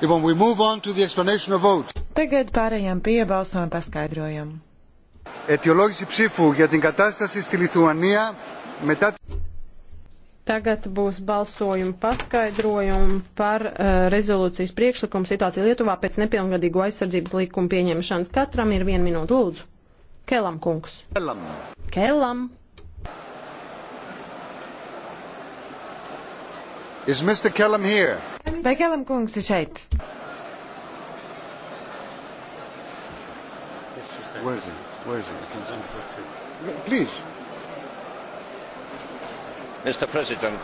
Tagad pārējām pie balsojuma paskaidrojumu. Etioloģija psifu ja την κατάσταση στη Λιθουανία μετά. Tagad būs balsojuma paskaidrojumi par uh, rezolūcijas priekšlikumu situāciju Lietuvā pēc nepilngadīgo aizsardzības likuma pieņemšanas. Katram ir viena minūte, lūdzu. Kelam kungs. Kelam. Kelam. Is Mr. Kellam here? Vai Kellam kungs ir šeit? Where is he? Where is he? I can't see. Please. Mr. President.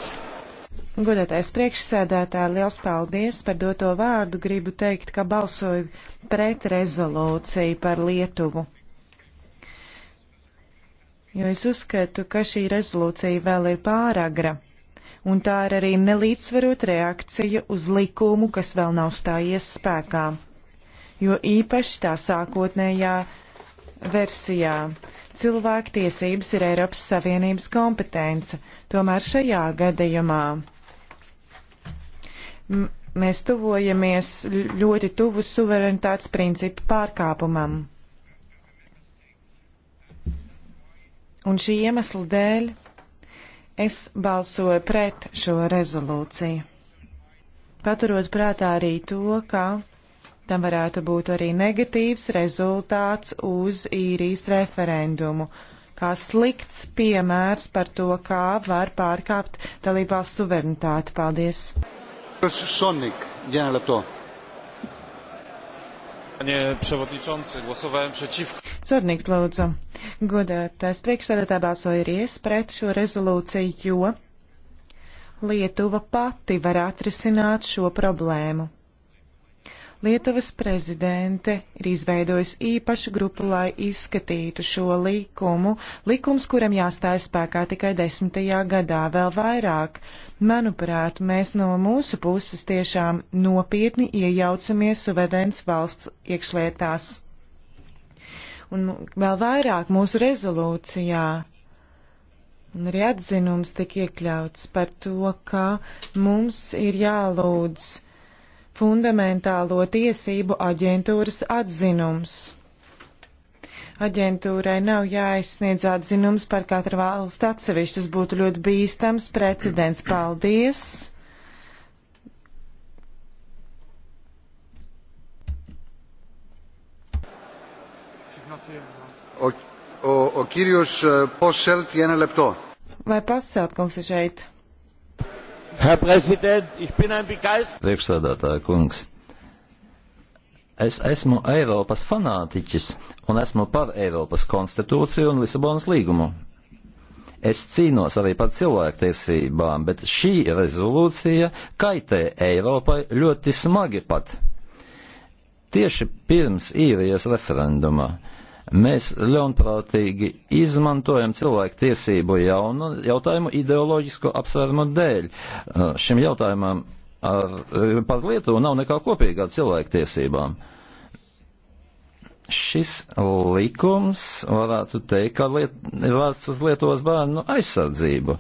Godātais priekšsēdētāji, liels paldies par doto vārdu. Gribu teikt, ka balsoju pret rezolūciju par Lietuvu. Jo es uzskatu, ka šī rezolūcija vēl ir pāragra un tā ir arī nelīdzsvarot reakcija uz likumu, kas vēl nav stājies spēkā, jo īpaši tā sākotnējā versijā. Cilvēktiesības ir Eiropas Savienības kompetence, tomēr šajā gadījumā M mēs tuvojamies ļoti tuvu suverenitātes principu pārkāpumam. Un šī iemesla dēļ Es balsoju pret šo rezolūciju, paturot prātā arī to, ka tam varētu būt arī negatīvs rezultāts uz īrijas referendumu, kā slikts piemērs par to, kā var pārkāpt dalībās suverenitāti. Paldies! Sonik, Panie przewodniczący, głosowałem przeciwko. Sordnīgs lūdzu. Godātais priekšsēdētā balsoja arī es pret šo rezolūciju, jo Lietuva pati var atrisināt šo problēmu. Lietuvas prezidente ir izveidojusi īpašu grupu, lai izskatītu šo likumu, likums, kuram jāstāja spēkā tikai desmitajā gadā, vēl vairāk. Manuprāt, mēs no mūsu puses tiešām nopietni iejaucamies suverēns valsts iekšlietās un vēl vairāk mūsu rezolūcijā. Un arī atzinums tik iekļauts par to, ka mums ir jālūdz fundamentālo tiesību aģentūras atzinums aģentūrai nav jāizsniedz atzinums par katru valstu atsevišķi. Tas būtu ļoti bīstams precedents. Paldies! Ο, ο κύριος Πόσελτ για ένα λεπτό. Vai Paselt kungs ir šeit? Herr Präsident, ich bin ein begeistert. Priekšsēdētāja kungs, es esmu Eiropas fanātiķis un esmu par Eiropas konstitūciju un Lisabonas līgumu. Es cīnos arī par cilvēktiesībām, bet šī rezolūcija kaitē Eiropai ļoti smagi pat. Tieši pirms īrijas referenduma Mēs ļaunprātīgi izmantojam cilvēku tiesību jaunu jautājumu ideoloģisko apsvērumu dēļ. Uh, šim jautājumam ar, par Lietuvu nav nekā kopīga ar cilvēku tiesībām. Šis likums, varētu teikt, ir vērsts uz Lietuvas bērnu aizsardzību.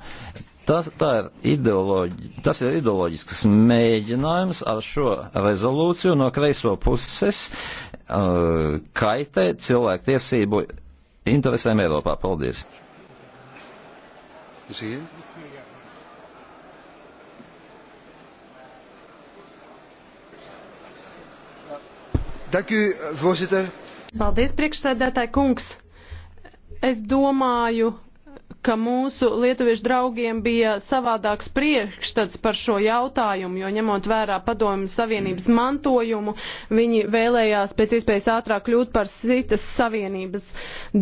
Tas, ir ideoloģi, tas ir ideoloģisks mēģinājums ar šo rezolūciju no kreiso puses uh, kaitē cilvēku tiesību interesēm Eiropā. Paldies! Paldies, priekšsēdētāji kungs! Es domāju, ka mūsu lietuviešu draugiem bija savādāks priekšstats par šo jautājumu, jo ņemot vērā padomju savienības mantojumu, viņi vēlējās pēc iespējas ātrāk kļūt par citas savienības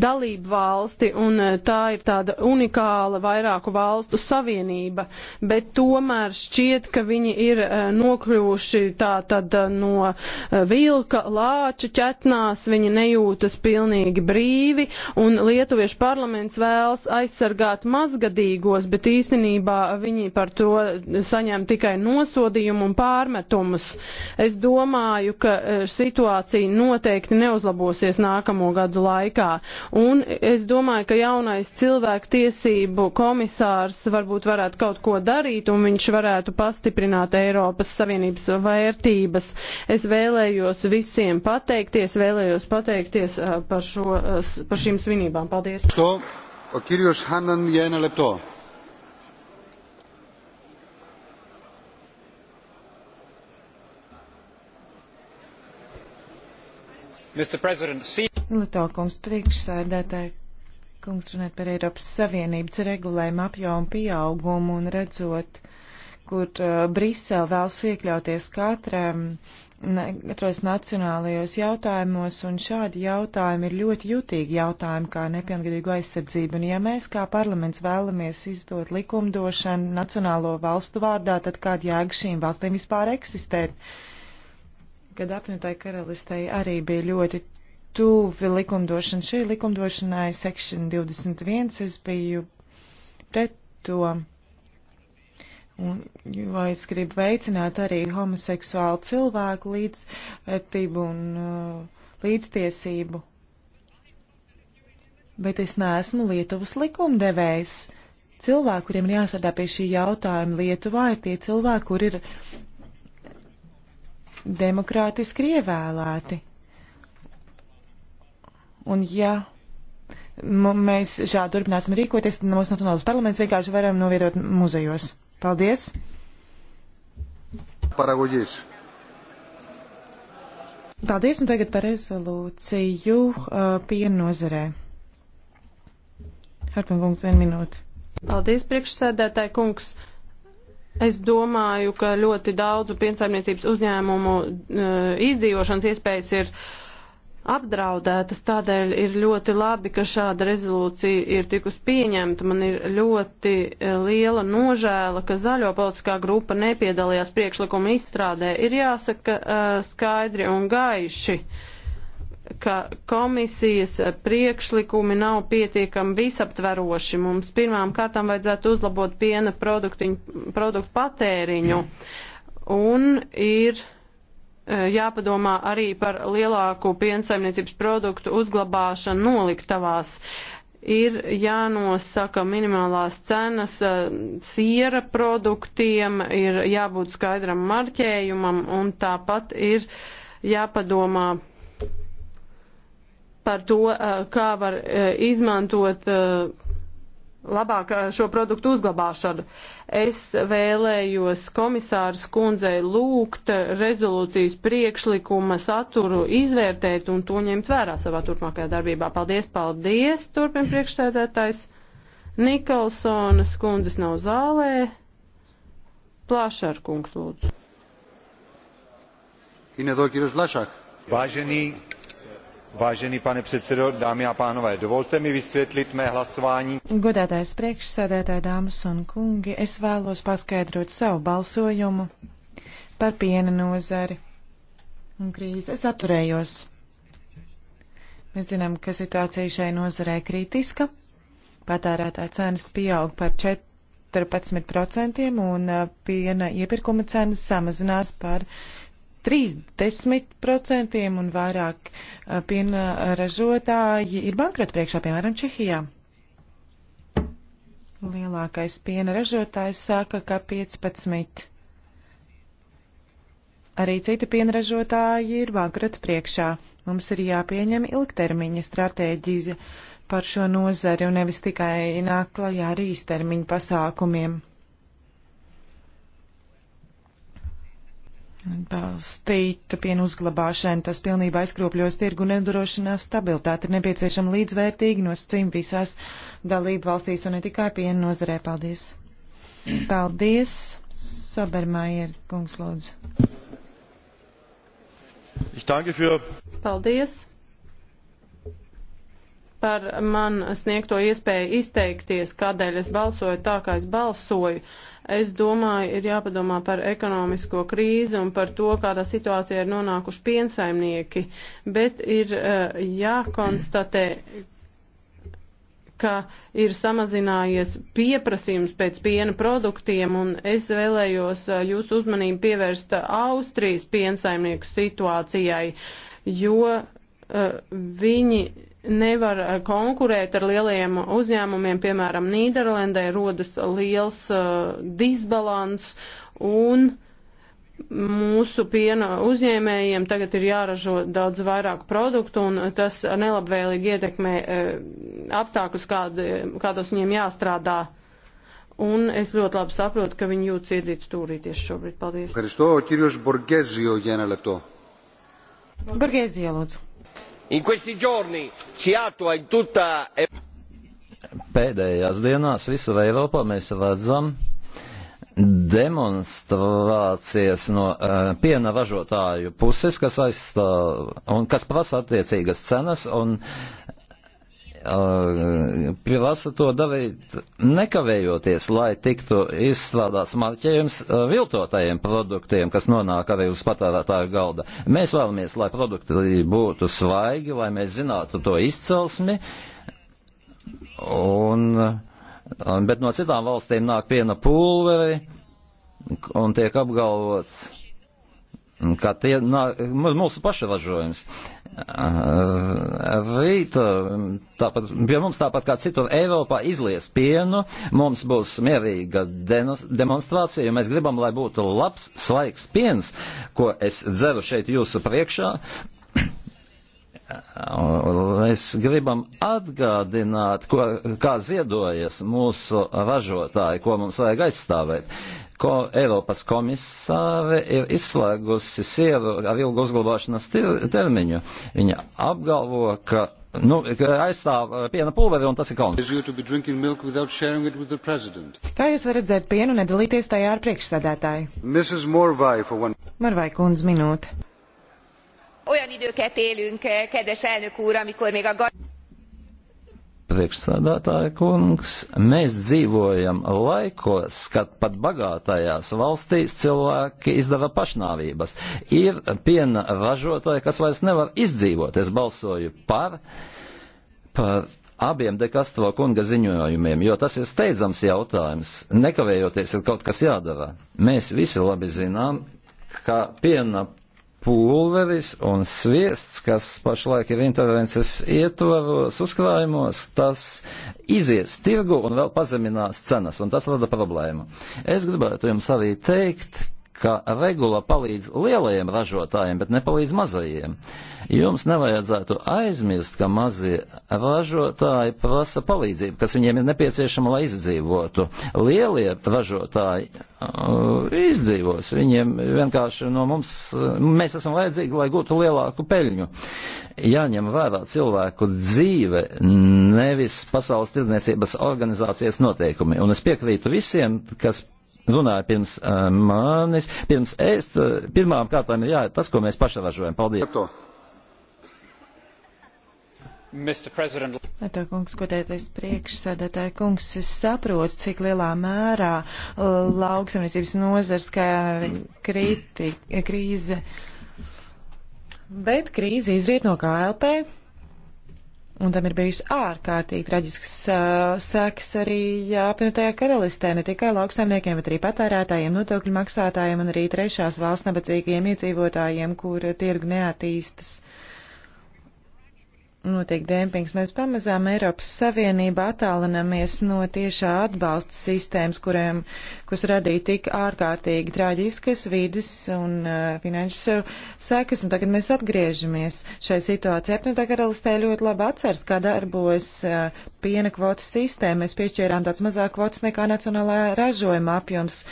dalību valsti, un eh, tā ir tāda unikāla vairāku valstu savienība, bet tomēr šķiet, ka viņi ir eh, nokļuvuši tā tad eh, no vilka lāča ķetnās, viņi nejūtas pilnīgi brīvi, un lietuviešu parlaments vēlas aizsargāt aizsargāt mazgadīgos, bet īstenībā viņi par to saņem tikai nosodījumu un pārmetumus. Es domāju, ka e, situācija noteikti neuzlabosies nākamo gadu laikā. Un es domāju, ka jaunais cilvēktiesību komisārs varbūt varētu kaut ko darīt un viņš varētu pastiprināt Eiropas Savienības vērtības. Es vēlējos visiem pateikties, vēlējos pateikties e, par, šo, e, par šīm svinībām. Paldies! Stop. Ο κύριος Χάναν για ένα λεπτό. Lietuvā kungs priekšsēdētāji, kungs runāt par Eiropas Savienības regulējumu apjomu pieaugumu un redzot, kur uh, Brisele vēlas iekļauties katram atrodas nacionālajos jautājumos, un šādi jautājumi ir ļoti jutīgi jautājumi, kā nepilngadīgu aizsardzību. Un ja mēs kā parlaments vēlamies izdot likumdošanu nacionālo valstu vārdā, tad kāda jēga šīm valstīm vispār eksistēt? Kad apvienotāji karalistei arī bija ļoti tuvi likumdošana. Šī likumdošanai Section 21 es biju pret to Un, jo es gribu veicināt arī homoseksuālu cilvēku līdzvērtību un uh, līdztiesību. Bet es neesmu Lietuvas likumdevējs. Cilvēki, kuriem ir jāsardā pie šī jautājuma Lietuvā, ir tie cilvēki, kur ir demokrātiski ievēlēti. Un ja mēs šādi turpināsim rīkoties, tad mūsu Nacionālais parlaments vienkārši varam novietot muzejos. Paldies! Paragūģīs! Paldies, un tagad par rezolūciju uh, piena nozarē. Harpunkungs, vien minūte. Paldies, priekšsēdētāji kungs. Es domāju, ka ļoti daudzu piensaimniecības uzņēmumu uh, izdzīvošanas iespējas ir uh, apdraudētas. Tādēļ ir ļoti labi, ka šāda rezolūcija ir tikus pieņemta. Man ir ļoti e, liela nožēla, ka zaļo politiskā grupa nepiedalījās priekšlikuma izstrādē. Ir jāsaka e, skaidri un gaiši ka komisijas priekšlikumi nav pietiekami visaptveroši. Mums pirmām kārtām vajadzētu uzlabot piena produktu patēriņu. Un ir Eh, jāpadomā arī par lielāku piensaimniecības produktu uzglabāšanu noliktavās. Ir jānosaka minimālās cenas eh, siera produktiem, ir jābūt skaidram marķējumam un tāpat ir jāpadomā par to, eh, kā var izmantot labāk eh, šo produktu uzglabāšanu. Es vēlējos komisārs kundzei lūgt rezolūcijas priekšlikuma saturu izvērtēt un to ņemt vērā savā turpmākajā darbībā. Paldies, paldies, turpin priekšsēdētājs. Nikolsonas kundzes nav zālē. Plašāk, kungs, lūdzu. Vážený Vážený pane předsedo, dámy a pánové, dovolte mi vysvětlit mé hlasování. Godātais priekšsēdētāji, dāmas un kungi, es vēlos paskaidrot savu balsojumu par piena nozari un krīzi. Es atturējos. Mēs zinām, ka situācija šai nozarē kritiska. Patērētāja cenas pieaug par 14% un uh, piena iepirkuma cenas samazinās par 5%. 30% un vairāk piena ražotāji ir bankrota priekšā, piemēram, Čehijā. Lielākais piena ražotājs saka, ka 15. Arī citi piena ražotāji ir bankrota priekšā. Mums ir jāpieņem ilgtermiņa stratēģija par šo nozari un nevis tikai nāk klajā ar īstermiņu pasākumiem. Balstīt pienu uzglabāšanu, tas pilnībā aizkropļos tirgu nedrošinās stabilitāti. Ir nepieciešama līdzvērtīgi nosacījumi visās dalību valstīs un ne tikai pienu nozarē. Paldies! Paldies! Sobermajer, kungs, lūdzu. Paldies! par man sniegto iespēju izteikties, kādēļ es balsoju tā, kā es balsoju. Es domāju, ir jāpadomā par ekonomisko krīzi un par to, kādā situācijā ir nonākuši piensaimnieki, bet ir uh, jākonstatē, ka ir samazinājies pieprasījums pēc piena produktiem, un es vēlējos eh, jūsu uzmanību pievērst Austrijas piensaimnieku situācijai, jo Eh, viņi nevar eh, konkurēt ar lielajiem uzņēmumiem, piemēram, Nīderlandē rodas liels uh, disbalans un mūsu piena uzņēmējiem tagad ir jāražo daudz vairāk produktu un tas nelabvēlīgi ietekmē uh, apstākļus, kād, kādos viņiem jāstrādā. Un es ļoti labi saprotu, ka viņi jūtas iedzīts stūrīties šobrīd. Paldies. Kristo, Kirjos Borgēzio, Jēna Leto. Borgēzio, lūdzu. In questi giorni si attua in tutta e- Pēdējās dienās visur Eiropā mēs redzam demonstrācijas no uh, piena ražotāju puses, kas aizstāv un kas prasa attiecīgas cenas un uh, uh, prasa to darīt nekavējoties, lai tiktu izstrādāts marķējums uh, viltotajiem produktiem, kas nonāk arī uz patērētāju galda. Mēs vēlamies, lai produkti būtu svaigi, lai mēs zinātu to izcelsmi. Un, un, bet no citām valstīm nāk piena pulveri un tiek apgalvots, ka tie nāk, mūsu paša ražojums. Uh, Rīt, tāpat, pie mums tāpat kā citur Eiropā izlies pienu, mums būs mierīga denos, demonstrācija, jo mēs gribam, lai būtu labs, svaigs piens, ko es dzeru šeit jūsu priekšā, Mēs gribam atgādināt, ko, kā ziedojas mūsu ražotāji, ko mums vajag aizstāvēt. Ko Eiropas komisāre ir izslēgusi sieru ar ilgu uzglabāšanas termiņu. Viņa apgalvo, ka Nu, aizstāv piena pulveri, un tas ir kauns. Kā jūs varat dzert pienu un nedalīties tajā ar priekšsēdētāju? Morvai, one... Marvai kundz minūte olyan időket élünk, eh, kedves elnök úr, amikor még a priekšsādātāja kungs, mēs dzīvojam laikos, kad pat bagātajās valstīs cilvēki izdara pašnāvības. Ir piena ražotāji, kas vairs nevar izdzīvot. Es balsoju par, par abiem dekastro kunga ziņojumiem, jo tas ir steidzams jautājums. Nekavējoties ir kaut kas jādara. Mēs visi labi zinām, ka piena pulveris un sviests, kas pašlaik ir intervences ietvaros, uzkrājumos, tas izies tirgu un vēl pazeminās cenas, un tas rada problēmu. Es gribētu jums arī teikt, ka regula palīdz lielajiem ražotājiem, bet nepalīdz mazajiem. Jums nevajadzētu aizmirst, ka mazie ražotāji prasa palīdzību, kas viņiem ir nepieciešama, lai izdzīvotu. Lielie ražotāji uh, izdzīvos, viņiem vienkārši no mums, uh, mēs esam vajadzīgi, lai gūtu lielāku peļņu. Jāņem vērā cilvēku dzīve, nevis pasaules tirdzniecības organizācijas noteikumi. Un es piekrītu visiem, kas runāja pirms uh, manis, pirms es, uh, pirmām kārtām ir jā, tas, ko mēs paši ražojam. Paldies! Tā kungs, godētais priekšsēdētāji kungs, es saprotu, cik lielā mērā eh, lauksamniecības nozars, kā krīti, krīze, bet krīze izriet no KLP Un tam ir bijusi ārkārtīgi traģisks uh, sēks arī apvienotajā karalistē, ne tikai lauksaimniekiem, bet arī patērētājiem, nodokļu maksātājiem un arī trešās valsts nabadzīgiem iedzīvotājiem, kur tirgu neattīstas. Uh, notiek dempings. Mēs pamazām Eiropas Savienība attālinamies no tiešā atbalsta sistēmas, kuriem, kas radīja tik ārkārtīgi traģiskas vidas un uh, finanšu sekas, un tagad mēs atgriežamies šai situācijai. Nu, Apvienotā karalistē ļoti labi atceras, kā darbojas uh, piena kvotas sistēma. Mēs piešķērām tāds mazāk kvotas nekā nacionālā ražojuma apjoms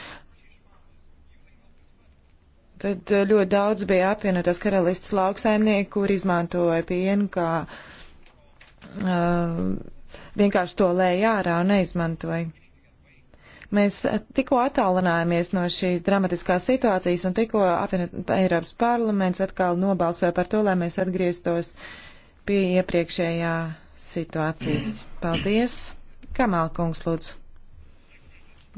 Tad eh, ļoti daudz bija apvienotās karalistas lauksaimnieku, kur izmantoja pienu kā uh, vienkārši to lēja ārā un neizmantoja. Mēs eh, tikko attālinājāmies no šīs dramatiskās situācijas un tikko apvienot Eiropas parlaments atkal nobalsoja par to, lai mēs atgrieztos pie iepriekšējā situācijas. Paldies! Kamāla kungs, lūdzu!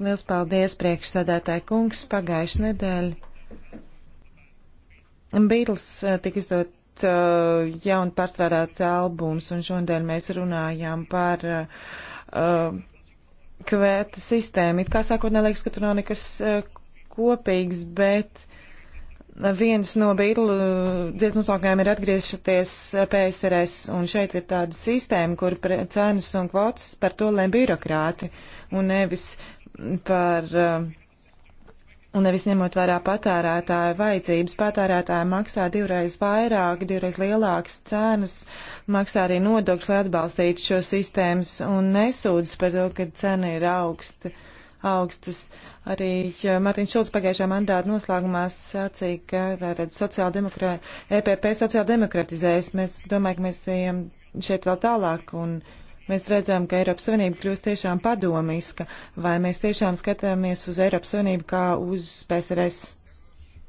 Liels paldies, priekšsēdētāji kungs, pagājuši nedēļa. Beatles eh, tika izdot uh, eh, jaunu pārstrādāts albums, un šodien mēs runājām par uh, kvēta sistēmu. It kā sākotnē liekas, ka tur nav nekas uh, kopīgs, bet viens no Beatles dziesmu uzsākājiem ir atgriežoties PSRS, un šeit ir tāda sistēma, kur cenas un kvotas par to lem birokrāti, un nevis par. Uh, un nevis ņemot vērā patērētāju vajadzības. Patērētāji maksā divreiz vairāk, divreiz lielākas cenas, maksā arī nodokļus, lai atbalstītu šo sistēmas un nesūdzas par to, ka cena ir augsta. augstas. Arī Mārtiņš Šulcs pagājušā mandāta noslēgumā sacīja, ka tātad e sociāldemokrāti, EPP sociāldemokratizējas. Mēs domājam, ka mēs ejam šeit vēl tālāk un uh, Mēs redzam, ka Eiropas Savienība kļūst tiešām padomiska, vai mēs tiešām skatāmies uz Eiropas Savienību kā uz PSRS.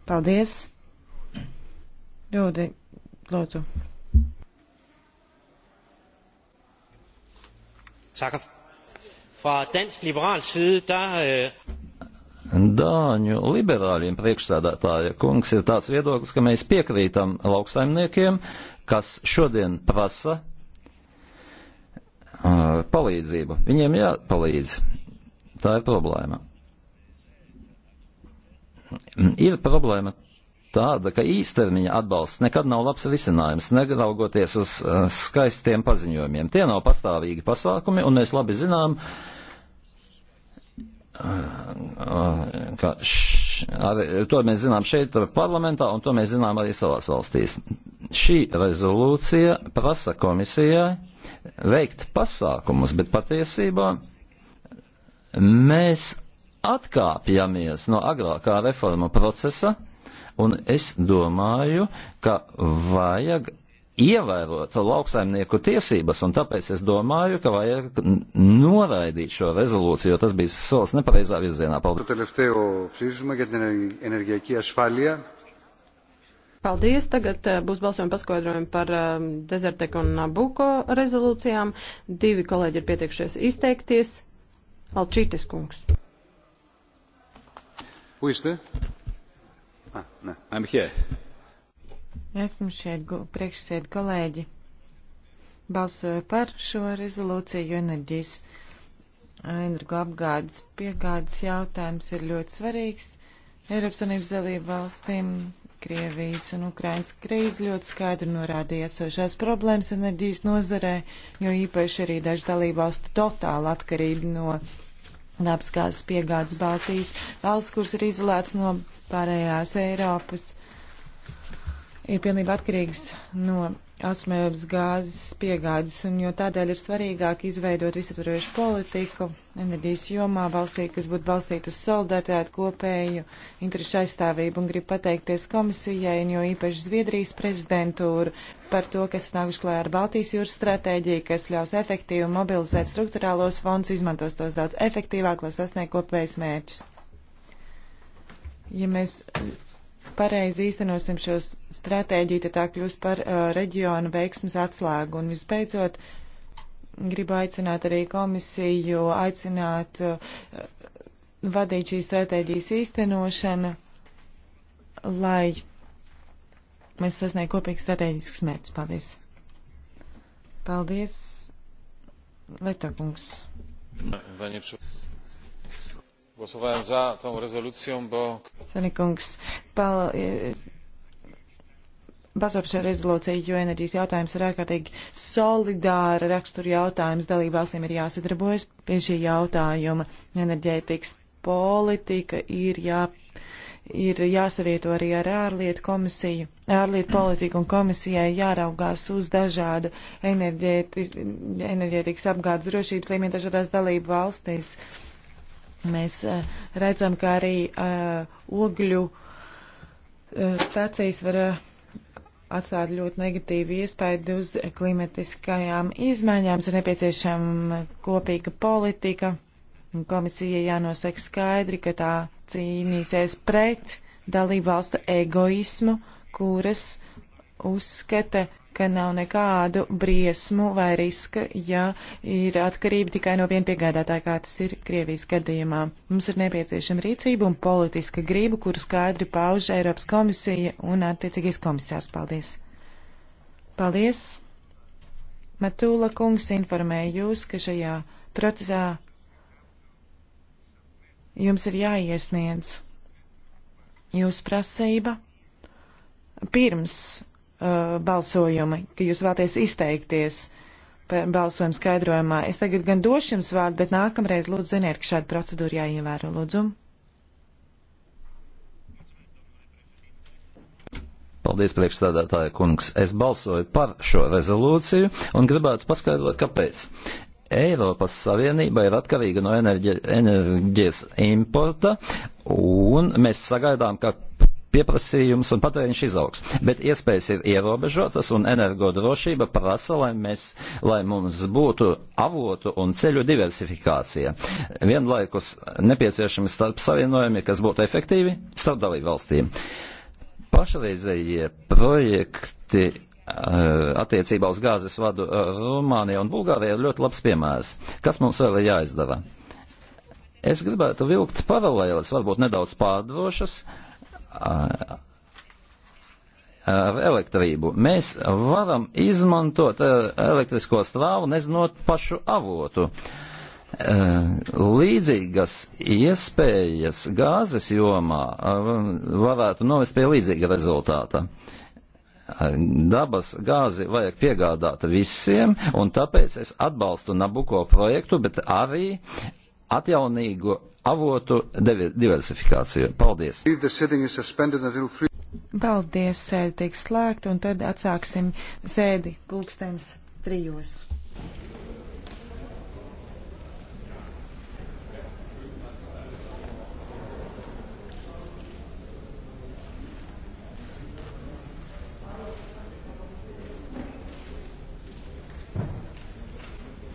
Paldies! Ļoti, lūdzu. Tak. Fra dansk liberal side, der... Øh, Dāņu liberāļiem priekšsādātāja kungs ir tāds viedoklis, ka mēs piekrītam lauksaimniekiem, kas šodien prasa par palīdzību. Viņiem jāpalīdz. Tā ir problēma. Ir problēma tāda, ka īstermiņa atbalsts nekad nav labs risinājums, neraugoties uz uh, skaistiem paziņojumiem. Tie nav pastāvīgi pasākumi, un mēs labi zinām, uh, ka š, ar, to mēs zinām šeit parlamentā, un to mēs zinām arī savās valstīs. Šī rezolūcija prasa komisijai veikt pasākumus, bet patiesībā mēs atkāpjamies no agrākā reforma procesa, un es domāju, ka vajag ievērot lauksaimnieku tiesības, un tāpēc es domāju, ka vajag noraidīt šo rezolūciju, jo tas bija solis nepareizā virzienā. Paldies! Paldies. Tagad eh, būs balsojumi paskaidrojumi par eh, Dezertek un Nabuko rezolūcijām. Divi kolēģi ir pietiekšies izteikties. Alčītis kungs. Puiste? Ah, nē, I'm here. Esmu šeit priekšsēd kolēģi. Balsoju par šo rezolūciju enerģijas energoapgādes piegādes jautājums ir ļoti svarīgs Eiropas Unības dalību valstīm Krievijas un Ukrainas krīze ļoti skaidri norādīja esošās problēmas enerģijas nozarē, jo īpaši arī daži dalībvalstu totāla atkarība no dabasgāzes piegādes Baltijas valsts, kuras ir izolēts no pārējās Eiropas ir pilnībā atkarīgs no asmēvs gāzes piegādes, un jo tādēļ ir svarīgāk izveidot visaptvarojušu politiku enerģijas jomā valstī, kas būtu balstīta uz solidaritāti, kopēju interešu aizstāvību, un gribu pateikties komisijai, un jo īpaši Zviedrijas prezidentūru par to, kas nākuši klājā ar Baltijas jūras stratēģiju, kas ļaus efektīvi mobilizēt struktūrālos fondus, izmantos tos daudz efektīvāk, lai sasniegtu kopējus mērķus. Ja mēs pareizi īstenosim šo stratēģiju, tad tā kļūs par uh, reģionu veiksmas atslēgu. Un visbeidzot, gribu aicināt arī komisiju, aicināt uh, vadīt šīs stratēģijas īstenošanu, lai mēs sasniegtu kopīgus stratēģiskus mērķus. Paldies! Paldies, Letokungs! Vai, vai Głosowałem za tą rezolucją, bo... Sanikungs, pal... Basops šajā rezolūcijā, jo enerģijas jautājums ir ārkārtīgi solidāra rakstura jautājums. Dalībvalstīm ir jāsadarbojas pie šī jautājuma. Enerģētikas politika ir, jā, ir jāsavieto arī ar ārlietu komisiju. Ārlietu politiku un komisijai jāraugās uz dažādu enerģētikas apgādes drošības līmeni dažādās dalību valstīs. Uh, Mēs eh, redzam, ka arī eh, ogļu eh, stācijas var atstāt ļoti negatīvu iespēju uz klimatiskajām izmaiņām. Ir nepieciešama kopīga politika. Komisija jānosaka skaidri, ka tā cīnīsies pret dalību valstu egoismu, kuras uzskata, ka nav nekādu briesmu vai riska, ja ir atkarība tikai no viena piegādātāja, kā tas ir Krievijas gadījumā. Mums ir nepieciešama rīcība un politiska grība, kuru skaidri pauž Eiropas komisija un attiecīgais komisārs. Paldies! Paldies! Matūla kungs informēja jūs, ka šajā procesā jums ir jāiesniedz jūsu prasība pirms uh, balsojumi, ka jūs vēlaties izteikties par balsojumu skaidrojumā. Es tagad gan došu jums vārdu, bet nākamreiz lūdzu ziniet, ka šāda procedūra jāievēro. Lūdzu. Paldies, priekšstādātāja kungs. Es balsoju par šo rezolūciju un gribētu paskaidrot, kāpēc. Eiropas Savienība ir atkarīga no enerģi, enerģijas importa, un mēs sagaidām, ka pieprasījums un patēriņš izaugs. Bet iespējas ir ierobežotas un energodrošība prasa, lai, mēs, lai mums būtu avotu un ceļu diversifikācija. Vienlaikus nepieciešami starp savienojumi, kas būtu efektīvi starp dalību valstīm. Pašreizējie projekti eh, attiecībā uz gāzes vadu eh, Rumānijā un Bulgārijā ir ļoti labs piemērs. Kas mums vēl ir jāizdara? Es gribētu vilkt paralēles, varbūt nedaudz pārdrošas, ar elektrību. Mēs varam izmantot elektrisko strāvu, nezinot pašu avotu. Līdzīgas iespējas gāzes jomā varētu novest pie līdzīga rezultāta dabas gāzi vajag piegādāt visiem, un tāpēc es atbalstu Nabuko projektu, bet arī atjaunīgu avotu diversifikāciju. Paldies! Paldies, sēdi tiek slēgta un tad atsāksim sēdi pulkstens trijos.